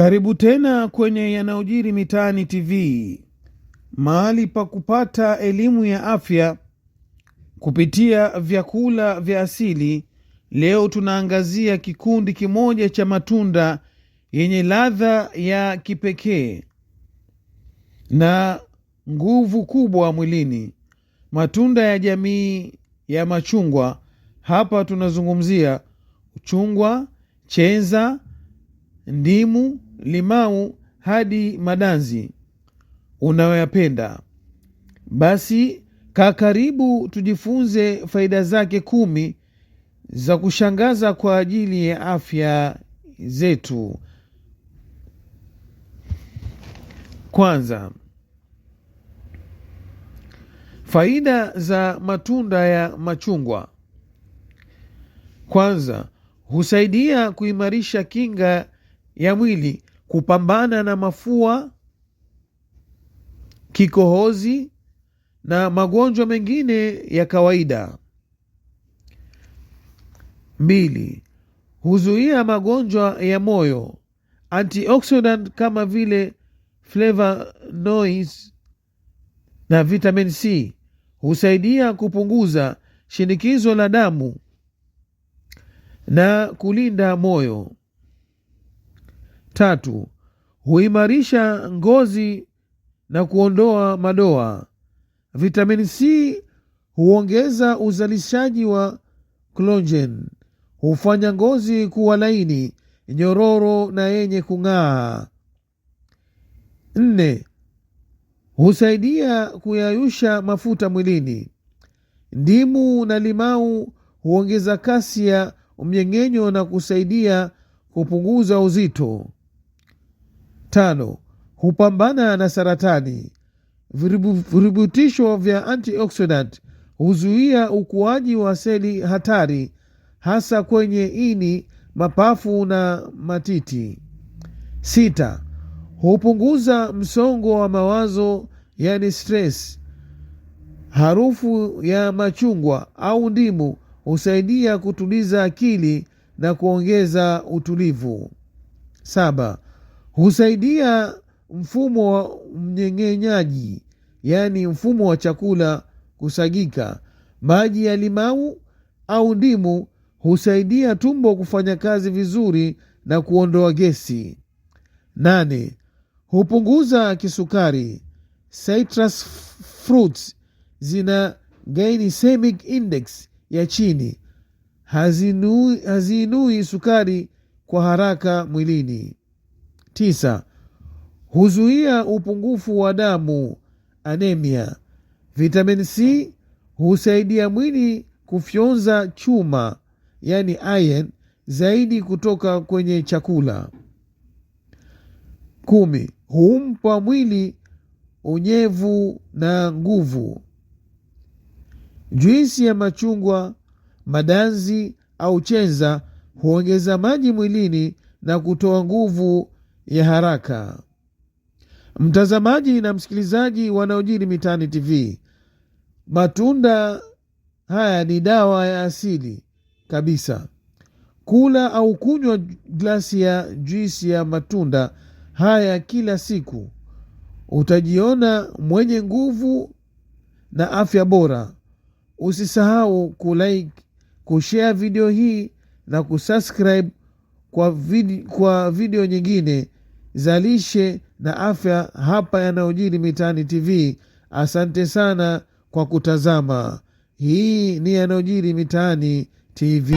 Karibu tena kwenye yanayojiri mitaani TV, mahali pa kupata elimu ya afya kupitia vyakula vya asili. Leo tunaangazia kikundi kimoja cha matunda yenye ladha ya kipekee na nguvu kubwa mwilini, matunda ya jamii ya machungwa. Hapa tunazungumzia chungwa, chenza, ndimu limau hadi madanzi unayoyapenda. Basi kaa karibu, tujifunze faida zake kumi za kushangaza kwa ajili ya afya zetu. Kwanza, faida za matunda ya machungwa. Kwanza, husaidia kuimarisha kinga ya mwili kupambana na mafua, kikohozi na magonjwa mengine ya kawaida. Mbili, huzuia magonjwa ya moyo. Antioxidant kama vile flavonoids na vitamin C husaidia kupunguza shinikizo la damu na kulinda moyo. Tatu, huimarisha ngozi na kuondoa madoa. Vitamini C huongeza uzalishaji wa collagen, hufanya ngozi kuwa laini, nyororo na yenye kung'aa. Nne, husaidia kuyayusha mafuta mwilini. Ndimu na limau huongeza kasi ya mmeng'enyo na kusaidia kupunguza uzito. Tano, hupambana na saratani. Virubutisho vya antioxidant huzuia ukuaji wa seli hatari, hasa kwenye ini, mapafu na matiti. Sita, hupunguza msongo wa mawazo yani stress. Harufu ya machungwa au ndimu husaidia kutuliza akili na kuongeza utulivu. Saba, husaidia mfumo wa mnyeng'enyaji, yaani mfumo wa chakula kusagika. Maji ya limau au ndimu husaidia tumbo kufanya kazi vizuri na kuondoa gesi. Nane, hupunguza kisukari. Citrus fruits zina gainisemic index ya chini, haziinui sukari kwa haraka mwilini tisa. Huzuia upungufu wa damu anemia. Vitamin C husaidia mwili kufyonza chuma yani iron zaidi kutoka kwenye chakula. Kumi. Humpa mwili unyevu na nguvu. Juisi ya machungwa, madanzi au chenza huongeza maji mwilini na kutoa nguvu ya haraka. Mtazamaji na msikilizaji wanaojiri mitaani TV, matunda haya ni dawa ya asili kabisa. Kula au kunywa glasi ya juisi ya matunda haya kila siku, utajiona mwenye nguvu na afya bora. Usisahau kulike, kushare video hii na kusubscribe kwa video, kwa video nyingine za lishe na afya hapa yanayojiri mitaani TV. Asante sana kwa kutazama. Hii ni yanayojiri mitaani TV.